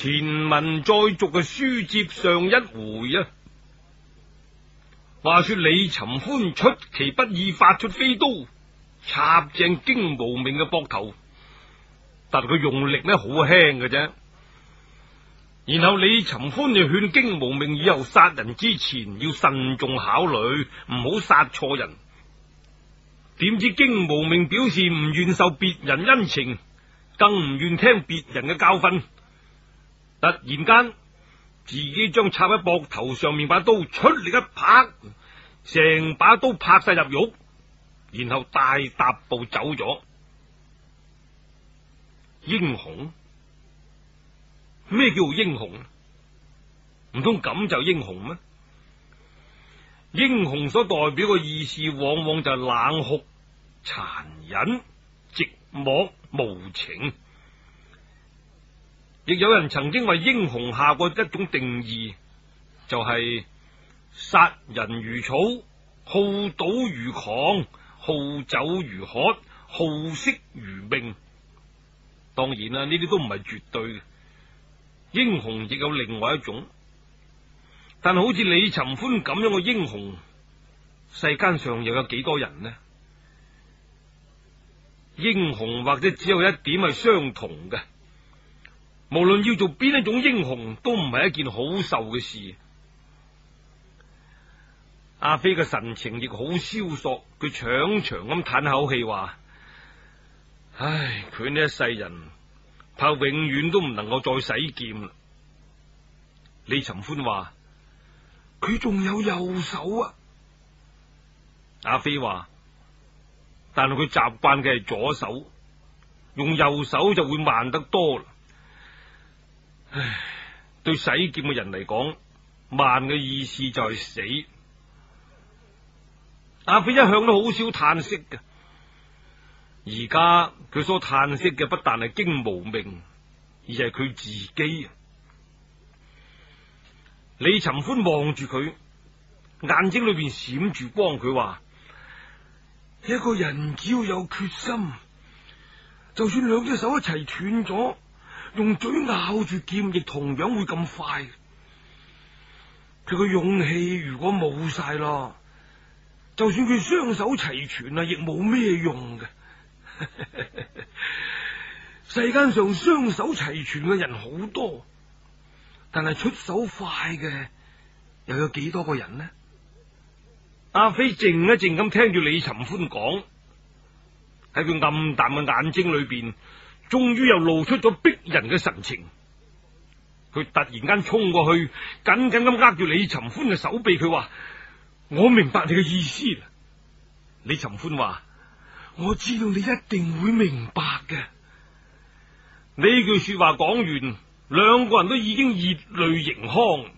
前文再續嘅書接上一回啊，話說李尋歡出其不意發出飛刀插正荊無命嘅膊頭，但佢用力呢好輕嘅啫。然後李尋歡就勸荊無命以後殺人之前要慎重考慮，唔好殺錯人。點知荊無命表示唔願受別人恩情，更唔願聽別人嘅教訓。突然間，自己將插喺膊頭上面把刀出嚟一拍，成把刀拍晒入肉，然後大踏步走咗。英雄咩叫英雄？唔通咁就英雄咩？英雄所代表嘅意思，往往就係冷酷、殘忍、寂寞、無情。亦有人曾經為英雄下過一種定義，就係、是、殺人如草，好賭如狂，好酒如渴，好色如命。當然啦、啊，呢啲都唔係絕對嘅，英雄亦有另外一種。但係好似李尋歡咁樣嘅英雄，世間上又有幾多人呢？英雄或者只有一點係相同嘅。無論要做邊一種英雄，都唔係一件好受嘅事。阿飛嘅神情亦好蕭索，佢長長咁嘆口氣話，唉，佢呢一世人怕永遠都唔能夠再使劍啦。李尋歡話，佢仲有右手啊。阿飛話，但係佢習慣嘅係左手，用右手就會慢得多啦。唉，對使劍嘅人嚟講，慢嘅意思就係死。阿飛一向都好少嘆息嘅，而家佢所嘆息嘅不但係驚無命，而係佢自己。李尋歡望住佢，眼睛裏邊閃住光，佢話：一個人只要有決心，就算兩隻手一齊斷咗用嘴咬住劍，亦同樣會咁快。佢個勇氣如果冇晒咯，就算佢雙手齊全啊，亦冇咩用嘅。 世間上雙手齊全嘅人好多，但係出手快嘅又有幾多個人呢？阿飛靜一靜咁聽住李尋歡講，喺佢暗淡嘅眼睛裏邊。終於又露出咗逼人嘅神情，佢突然間衝過去，緊緊咁握住李尋歡嘅手臂。佢話：我明白你嘅意思。李尋歡話：我知道你一定會明白嘅。呢句說話講完，兩個人都已經熱淚盈眶。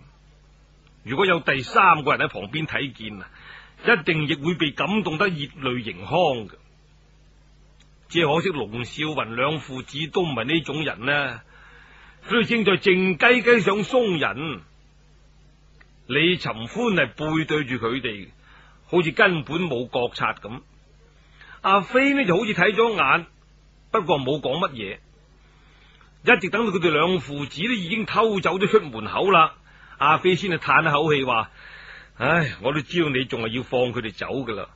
如果有第三個人喺旁邊睇見，一定亦會被感動得熱淚盈眶嘅。只可惜龍少雲兩父子都唔係呢種人呢，佢哋正在靜雞雞想鬆人。李尋歡係背對住佢哋，好似根本冇覺察咁。阿飛呢就好似睇咗眼，不過冇講乜嘢。一直等到佢哋兩父子都已經偷走咗出門口啦，阿飛先至嘆一口氣話：唉，我都知道你仲係要放佢哋走噶啦。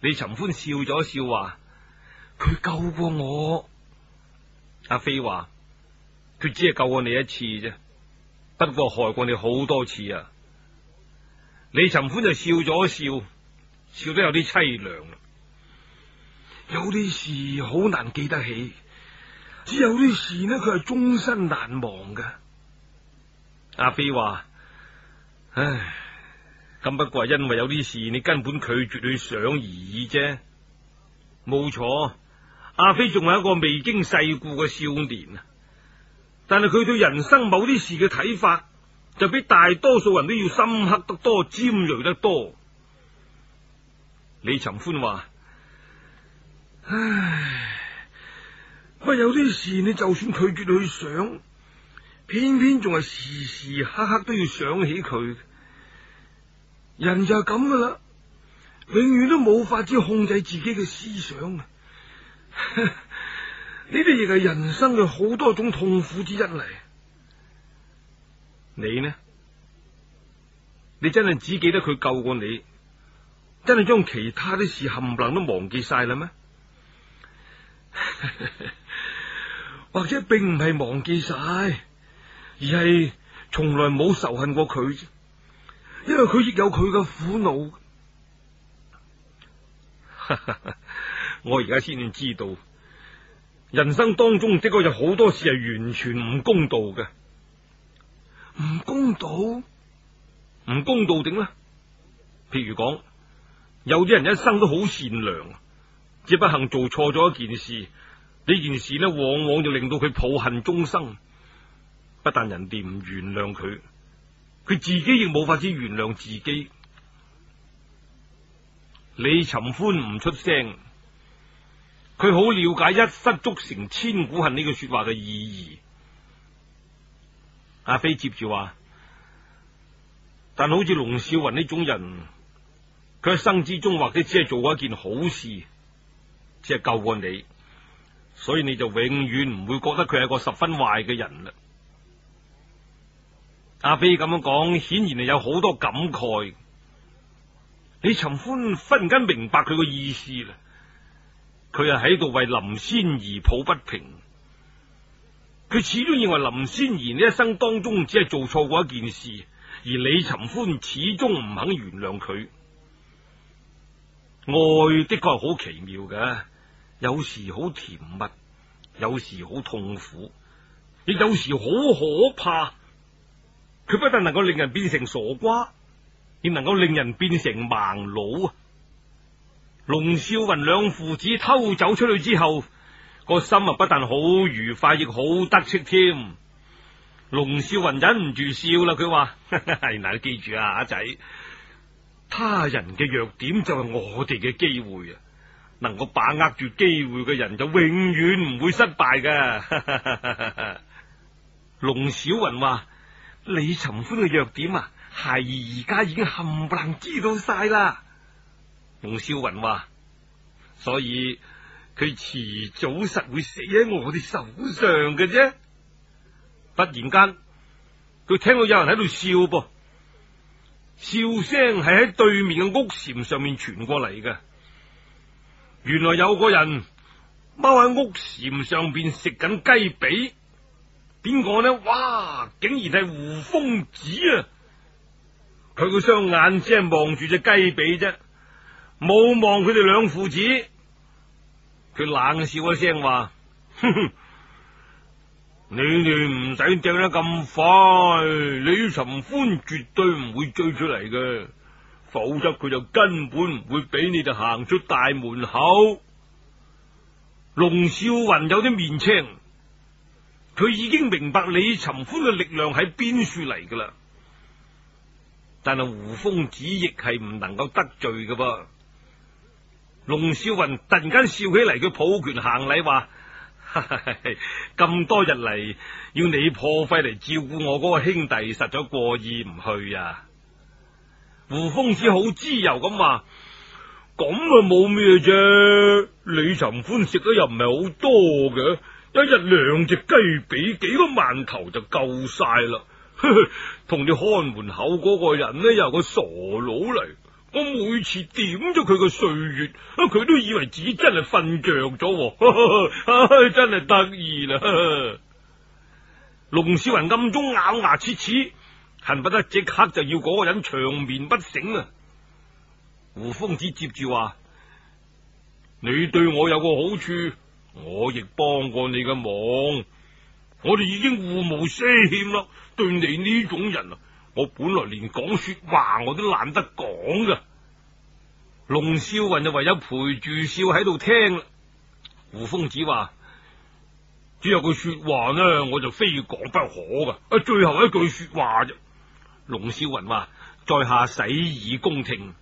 李尋歡笑咗一笑話。佢救過我。阿飛話，佢只係救過你一次啫，不過害過你好多次啊！李尋歡就笑咗一笑笑，笑得有啲淒涼。有啲事好難記得起，只有啲事呢，佢係終身難忘噶。阿飛話：唉，咁不過係因為有啲事，你根本拒絕去想而，而已啫，冇錯。阿飛仲係一個未經世故嘅少年啊，但係佢對人生某啲事嘅睇法，就比大多數人都要深刻得多、尖銳得多。李尋歡話：唉，不過有啲事，你就算拒絕去想，偏偏仲係時時刻刻都要想起佢。人就係咁噶啦，永遠都冇法子控制自己嘅思想啊！呢啲亦係人生嘅好多種痛苦之一嚟。你呢？你真係只記得佢救過你，真係將其他啲事冚唪唥都忘記晒啦咩？ 或者並唔係忘記晒，而係從來冇仇恨過佢，因為佢亦有佢嘅苦惱。 我而家先至知道，人生當中的確有好多事係完全唔公道嘅，唔公道，唔公道，頂啦！譬如講，有啲人一生都好善良，只不幸做錯咗一件事，呢件事咧，往往就令到佢抱恨終生。不但人哋唔原諒佢，佢自己亦冇法子原諒自己。李尋歡唔出聲。佢好了解一失足成千古恨呢句說話嘅意義。阿飛接住話，但好似龍少雲呢種人，佢一生之中或者只係做過一件好事，只係救過你，所以你就永遠唔會覺得佢係個十分壞嘅人啦。阿飛咁樣講，顯然係有好多感慨。李尋歡忽然間明白佢個意思啦。佢係喺度為林仙兒抱不平，佢始終認為林仙兒呢一生當中只係做錯過一件事，而李尋歡始終唔肯原諒佢。愛的確係好奇妙㗎，有時好甜蜜，有時好痛苦，亦有時好可怕。佢不但能夠令人變成傻瓜，亦能夠令人變成盲佬啊！龍少雲兩父子偷走出去之後，個心啊不但好愉快，亦好得戚添。龍少雲忍唔住笑啦，佢話：係嗱，你記住啊，阿仔，他人嘅弱點就係我哋嘅機會啊，能夠把握住機會嘅人就永遠唔會失敗㗎。 龍少雲話：李尋歡嘅弱點啊，係而家已經冚唪唥知道晒啦。龍嘯雲話：所以佢遲早實會死喺我哋手上嘅啫。忽然間，佢聽到有人喺度笑噃，笑聲係喺對面嘅屋檐上面傳過嚟嘅。原來有個人踎喺屋檐上邊食緊雞髀，點講呢？哇！竟然係胡瘋子啊！佢個雙眼只係望住隻雞髀啫。冇望佢哋兩父子，佢冷笑一聲話：哼哼，你哋唔使掟得咁快，李尋歡絕對唔會追出嚟嘅，否則佢就根本唔會俾你哋行出大門口。龍少雲有啲面青，佢已經明白李尋歡嘅力量喺邊處嚟噶啦，但係胡瘋子亦係唔能夠得罪㗎噃。龍少雲突然間笑起嚟，佢抱拳行禮話：咁 多日嚟，要你破費嚟照顧我嗰個兄弟，實在過意唔去啊！胡瘋子好自由咁話：咁啊冇咩啫，李尋歡食得又唔係好多嘅，一日兩隻雞髀幾個饅頭就夠曬啦。同 你看門口嗰個人呢，又係個傻佬嚟。我每次點咗佢個歲月，佢都以為自己真係瞓着咗，真係得意啦！龍少雲暗中咬牙切齒，恨不得即刻就要嗰個人長眠不醒啊！胡瘋子接住話：你對我有個好處，我亦幫過你嘅忙，我哋已經互無賒欠咯。對你呢種人，啊，我本來連講說話我都懶得講嘅。龍少雲就唯有陪住笑喺度聽啦。胡瘋子話：只有句說話呢，我就非講不可噶。啊，最後一句說話啫。龍少雲話：在下洗耳恭聽。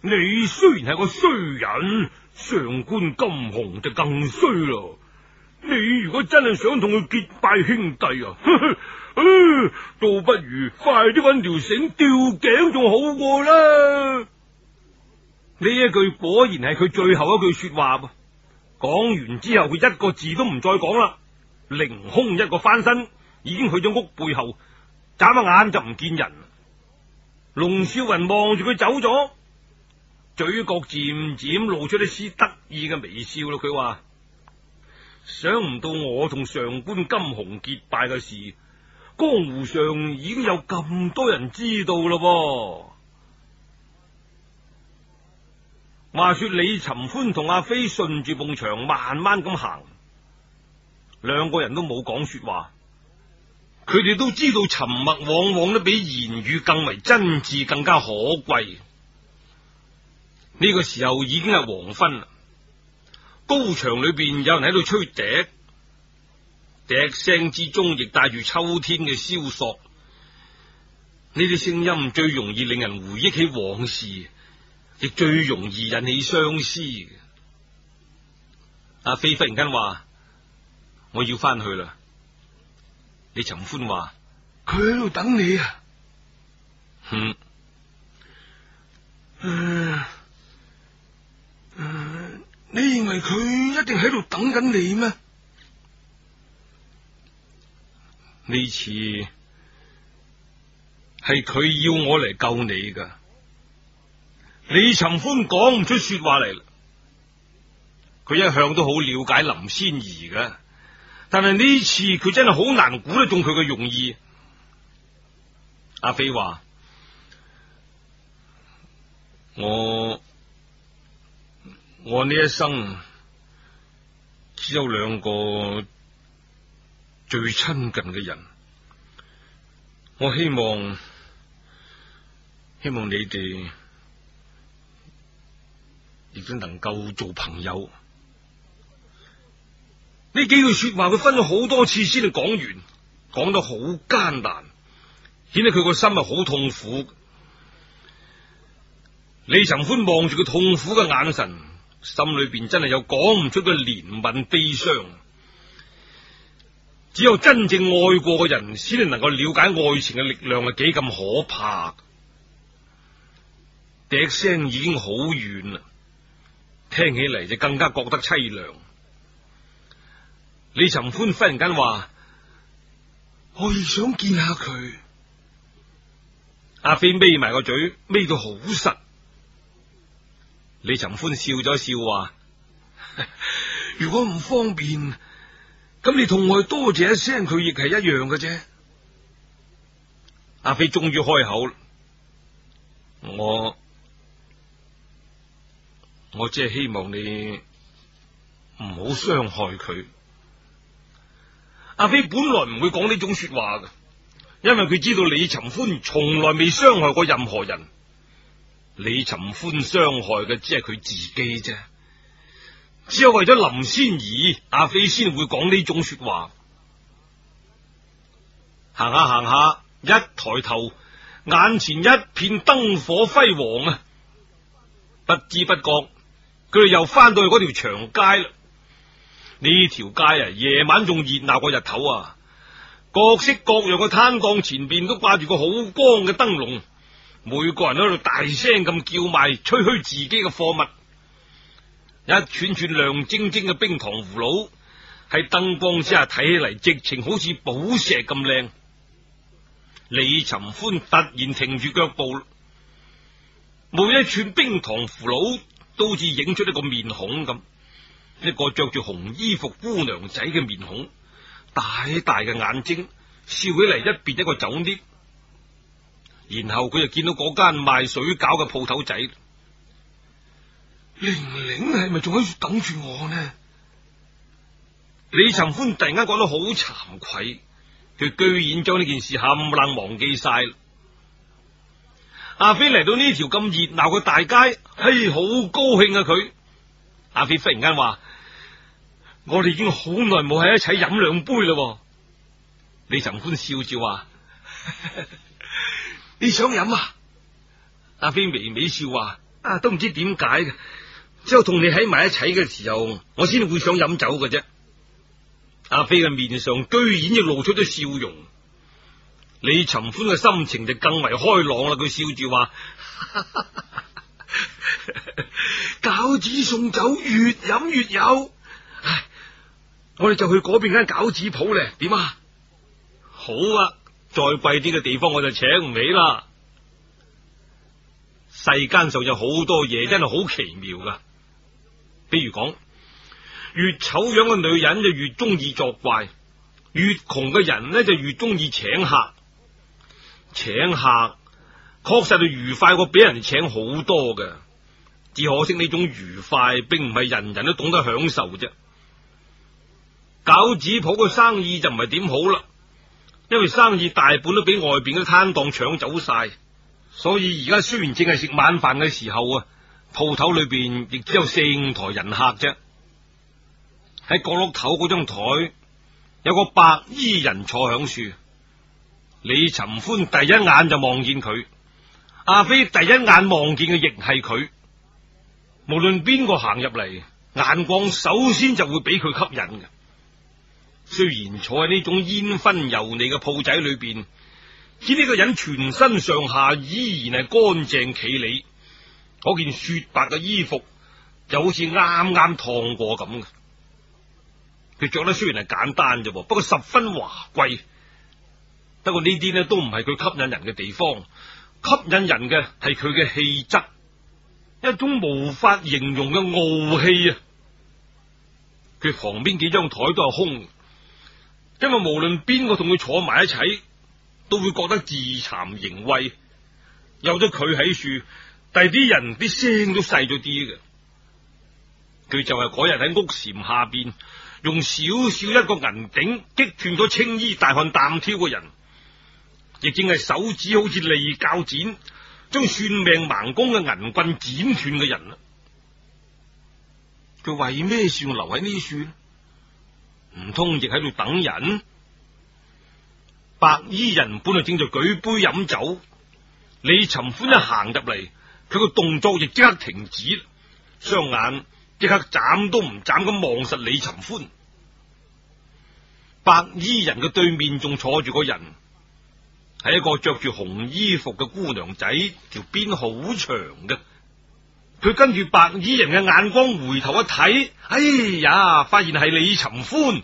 你雖然係個衰人，上官金虹就更衰咯。你如果真係想同佢結拜兄弟啊，呵呵呵，倒不如快啲揾條繩吊頸仲好過啦。呢一句果然係佢最後一句說話噃。講完之後，佢一個字都唔再講啦，凌空一個翻身，已經去咗屋背後，眨下眼就唔見人。龍少雲望住佢走咗，嘴角漸漸露出一絲得意嘅微笑咯。佢話：想唔到我同上官金虹結拜嘅事，江湖上已經有咁多人知道咯。話說李尋歡同阿飛順住埲牆慢慢咁行，兩個人都冇講說話。佢哋都知道沉默往往都比言語更為真摯，更加可貴。呢個時候已經係黃昏啦，高牆裏邊有人喺度吹笛，笛聲之中亦帶住秋天嘅蕭索。呢啲聲音最容易令人回憶起往事。亦最容易引起相思嘅，阿飛忽然間話：我要翻去啦。李尋歡話：佢喺度等你啊。嗯。嗯、呃呃，你認為佢一定喺度等緊你咩？呢次係佢要我嚟救你噶。李尋歡講唔出說話嚟，佢一向都好了解林仙兒嘅，但係呢次佢真係好難估得中佢嘅用意。阿飛話：我我呢一生只有兩個最親近嘅人，我希望希望你哋。亦都能夠做朋友。呢幾句說話，佢分咗好多次先至講完，講得好艱難，顯得佢個心係好痛苦。李尋歡望住佢痛苦嘅眼神，心裏邊真係有講唔出嘅憐憫悲傷。只有真正愛過嘅人，先能夠了解愛情嘅力量係幾咁可怕。笛聲已經好遠啦。聽起嚟，就更加覺得淒涼。李尋歡忽然間話：我亦想見下佢。阿飛眯埋個嘴，眯到好實。李尋歡笑咗笑話： 如果唔方便，咁你同我多謝一聲，佢亦係一樣嘅啫。阿飛終於開口：我。我只係希望你唔好傷害佢。阿飛本來唔會講呢種說話嘅，因為佢知道李尋歡從來未傷害過任何人。李尋歡傷害嘅只係佢自己啫，只有為咗林仙兒，阿飛先會講呢種說話。行下行下，一抬頭，眼前一片燈火輝煌啊！不知不覺。佢哋又翻到去嗰條長街啦，呢條街啊，夜晚仲熱鬧過日頭啊，各式各樣嘅攤檔前邊都掛住個好光嘅燈籠，每個人喺度大聲咁叫賣，吹噓自己嘅貨物，一串串亮晶晶嘅冰糖葫蘆，喺燈光之下睇起嚟，直情好似寶石咁靚。李尋歡突然停住腳步，每一串冰糖葫蘆，都似影出一個面孔咁，一個着住紅衣服姑娘仔嘅面孔，大大嘅眼睛，笑起嚟，一邊一個酒啲。然後佢就見到嗰間賣水餃嘅鋪頭仔，玲玲係咪仲喺度等住我呢？李尋歡突然間覺得好慚愧，佢居然將呢件事冚唪唥忘記晒。阿飛嚟到呢條咁熱鬧嘅大街。嘿、哎，好高興啊！佢阿飛忽然間話：我哋已經好耐冇喺一齊飲兩杯啦。李尋歡笑住話： 你想飲啊？阿飛微微笑話：啊，都唔知點解嘅，只有同你喺埋一齊嘅時候，我先會想飲酒嘅啫。 阿飛嘅面上居然就露出咗笑容，李尋歡嘅心情就更為開朗啦。佢笑住話。 餃 子送酒，越飲越有。唉，我哋就去嗰邊間餃子鋪咧，點啊？好啊，再貴啲嘅地方我就請唔起啦。世間上有好多嘢真係好奇妙噶，比如講，越醜樣嘅女人就越中意作怪，越窮嘅人呢就越中意請客。請客確實就愉快過俾人請好多噶。只可惜呢種愉快並唔係人人都懂得享受啫。餃子鋪嘅生意就唔係點好啦，因為生意大半都俾外邊嗰啲攤檔搶走晒，所以而家雖然正係食晚飯嘅時候啊，鋪頭裏邊亦只有四五台人客啫。喺角落頭嗰張台有個白衣人坐響樹，李尋歡第一眼就望見佢，阿飛第一眼望見嘅亦係佢。無論邊個行入嚟，眼光首先就會俾佢吸引嘅。雖然坐喺呢種煙燻油膩嘅鋪仔裏邊，見呢個人全身上下依然係乾淨企理，嗰件雪白嘅衣服就好似啱啱燙過咁嘅。佢着得雖然係簡單啫，不過十分華貴。不過呢啲咧都唔係佢吸引人嘅地方，吸引人嘅係佢嘅氣質。一種無法形容嘅傲氣啊！佢旁邊幾張台都係空，因為無論邊個同佢坐埋一齊，都會覺得自慚形穢。有咗佢喺處，第啲人啲聲都細咗啲嘅。佢就係嗰日喺屋檐下邊，用少少一個銀頂擊斷咗青衣大漢擔挑嘅人，亦正係手指好似利鉸剪。將算命盲公嘅銀棍剪斷嘅人啦、啊，佢為咩事留喺呢處呢？唔通亦喺度等人？白衣人本來正在舉杯飲酒，李尋歡一行入嚟，佢個動作亦即刻停止，雙眼即刻眨都唔眨咁望實李尋歡。白衣人嘅對面仲坐住個人。係一個着住紅衣服嘅姑娘仔，條辮好長嘅。佢跟住白衣人嘅眼光回頭一睇，哎呀，發現係李尋歡，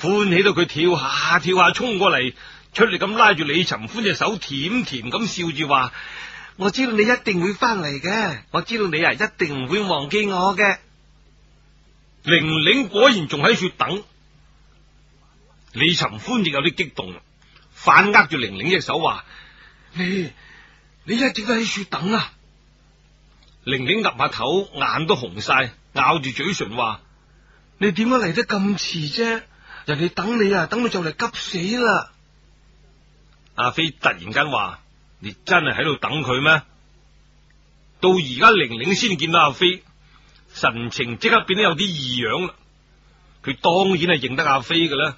歡喜到佢跳下跳下衝過嚟，出嚟咁拉住李尋歡隻手，甜甜咁笑住話：我知道你一定會翻嚟嘅，我知道你啊一定唔會忘記我嘅。玲玲果然仲喺處等，李尋歡亦有啲激動。反握住玲玲一隻手，話：你你一直都喺處等啊！玲玲岌下頭，眼都紅晒，咬住嘴唇話：你點解嚟得咁遲啫？人哋等你啊，等到就嚟急死啦！阿飛突然間話：你真係喺度等佢咩？到而家玲玲先見到阿飛，神情即刻變得有啲異樣啦。佢當然係認得阿飛㗎啦，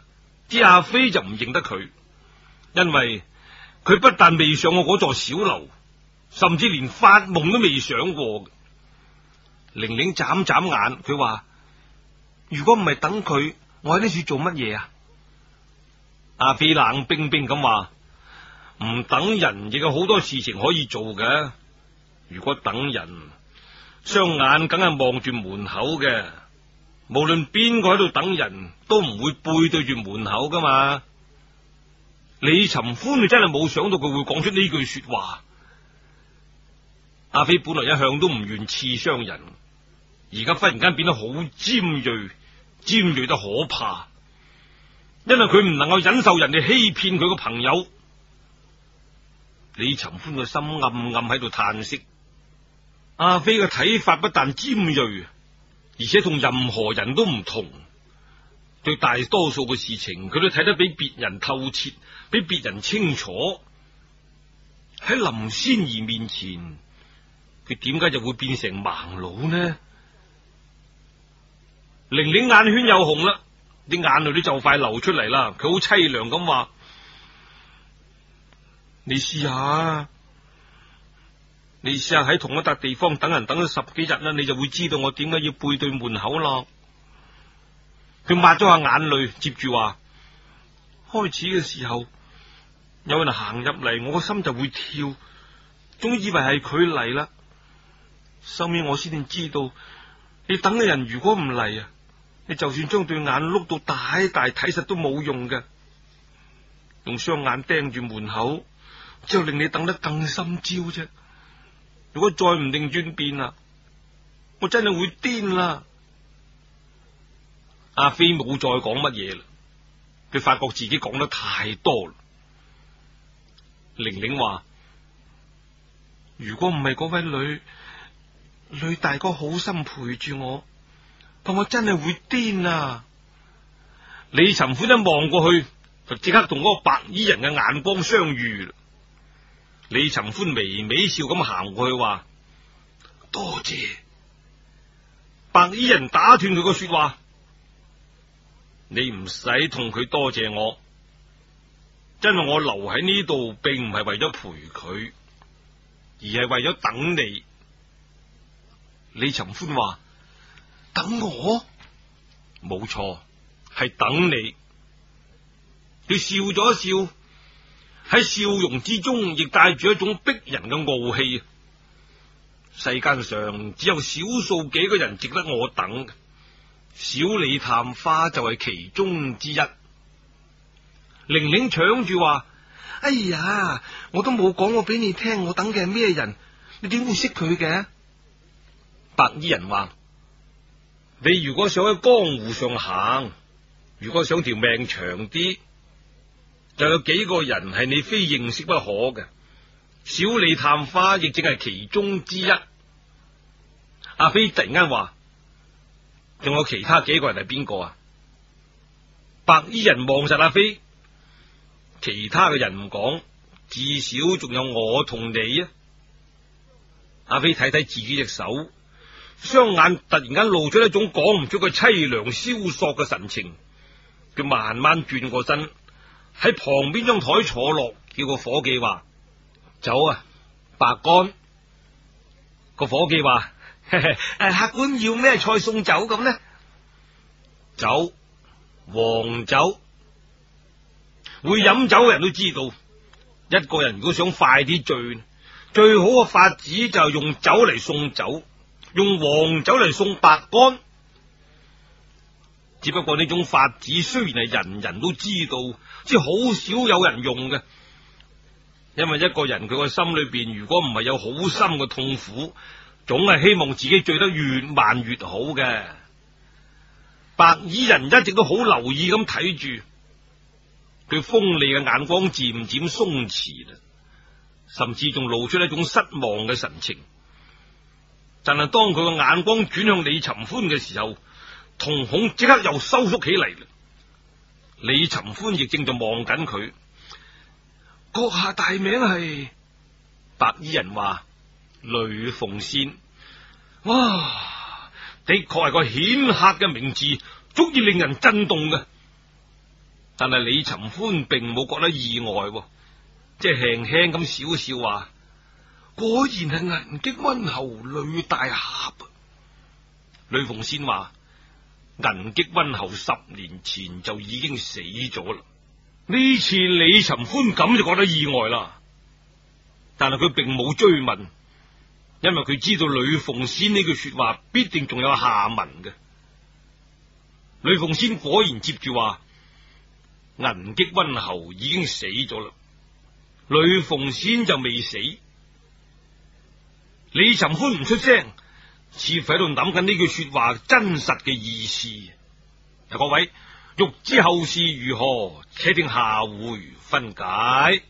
啲阿飛就唔認得佢。因為佢不但未上過嗰座小樓，甚至連發夢都未想過。玲玲眨眨眨眼，佢話：如果唔係等佢，我喺呢處做乜嘢啊？阿飛冷冰冰咁話：唔等人，亦有好多事情可以做噶。如果等人，雙眼梗係望住門口嘅。無論邊個喺度等人，都唔會背對住門口噶嘛。李尋歡佢真係冇想到佢會講出呢句說話。阿飛本來一向都唔願刺傷人，而家忽然間變得好尖銳，尖銳得可怕。因為佢唔能夠忍受人哋欺騙佢嘅朋友。李尋歡嘅心暗暗喺度嘆息。阿飛嘅睇法，不但尖銳，而且同任何人都唔同。對大多數嘅事情，佢都睇得比別人透徹。俾別人清楚，喺林仙兒面前，佢點解就會變成盲佬呢？玲玲眼圈又紅啦，啲眼淚都就快流出嚟啦。佢好凄涼咁話：你試下，你試下喺同一笪地方等人等咗十幾日啦，你就會知道我點解要背對門口啦。佢抹咗下眼淚，接住話：開始嘅時候。有人行入嚟，我個心就會跳，總以為係佢嚟啦。收尾我先至知道，你等嘅人如果唔嚟啊，你就算將對眼碌到大大睇實都冇用嘅。用雙眼盯住門口，就令你等得更心焦啫。如果再唔定轉變啊，我真係會癲啦。阿飛冇再講乜嘢啦，佢發覺自己講得太多啦。玲玲話：如果唔係嗰位女女大哥好心陪住我，咁我真係會癲啊！李尋歡一望過去，就即刻同個白衣人嘅眼光相遇。李尋歡微微笑咁行過去話：多謝。白衣人打斷佢個說話：你唔使同佢多謝我。因為我留喺呢度，並唔係為咗陪佢，而係為咗等你。李尋歡話：等我？冇錯，係等你。佢笑咗一笑，喺笑容之中亦帶住一種逼人嘅傲氣。啊，世間上只有少數幾個人值得我等，小李探花就係其中之一。玲玲搶住話：哎呀，我都冇講過俾你聽，我等嘅係咩人？你點會識佢嘅？白衣人話：你如果想喺江湖上行，如果想條命長啲，就有幾個人係你非認識不可嘅。小李探花亦正係其中之一。阿飛突然間話：仲有其他幾個人係邊個啊？白衣人望實阿飛。其他嘅人唔講，至少仲有我同你啊！阿飛睇睇自己隻手，雙眼突然間露出一種講唔出嘅凄涼蕭索嘅神情。佢慢慢轉過身，喺旁邊張台坐落，叫個伙計話：酒啊，白乾。個伙計話：嘿誒，客官要咩菜送酒咁呢？酒，黃酒。會飲酒嘅人都知道，一個人如果想快啲醉，最好嘅法子就係用酒嚟送酒，用黃酒嚟送白乾。只不過呢種法子雖然係人人都知道，即好少有人用嘅，因為一個人佢個心裏邊如果唔係有好深嘅痛苦，總係希望自己醉得越慢越好嘅。白衣人一直都好留意咁睇住。佢鋒利嘅眼光漸漸鬆弛啦，甚至仲露出一種失望嘅神情。但係當佢嘅眼光轉向李尋歡嘅時候，瞳孔即刻又收縮起嚟。李尋歡亦正就望緊佢。閣下大名係白衣人話：呂鳳先。哇，的確係個顯赫嘅名字，足以令人震動嘅。但係李尋歡並冇覺得意外，即係輕輕咁笑一笑，話，果然係銀擊溫侯呂大俠。呂鳳仙話，銀擊溫侯十年前就已經死咗啦。呢次李尋歡咁就覺得意外啦。但係佢並冇追問，因為佢知道呂鳳仙呢句說話必定仲有下文嘅。呂鳳仙果然接住話。銀戟溫侯已經死咗啦，呂鳳先就未死，李尋歡唔出聲，似乎喺度諗緊呢句說話真實嘅意思。嗱，各位欲知後事如何，且聽下回分解。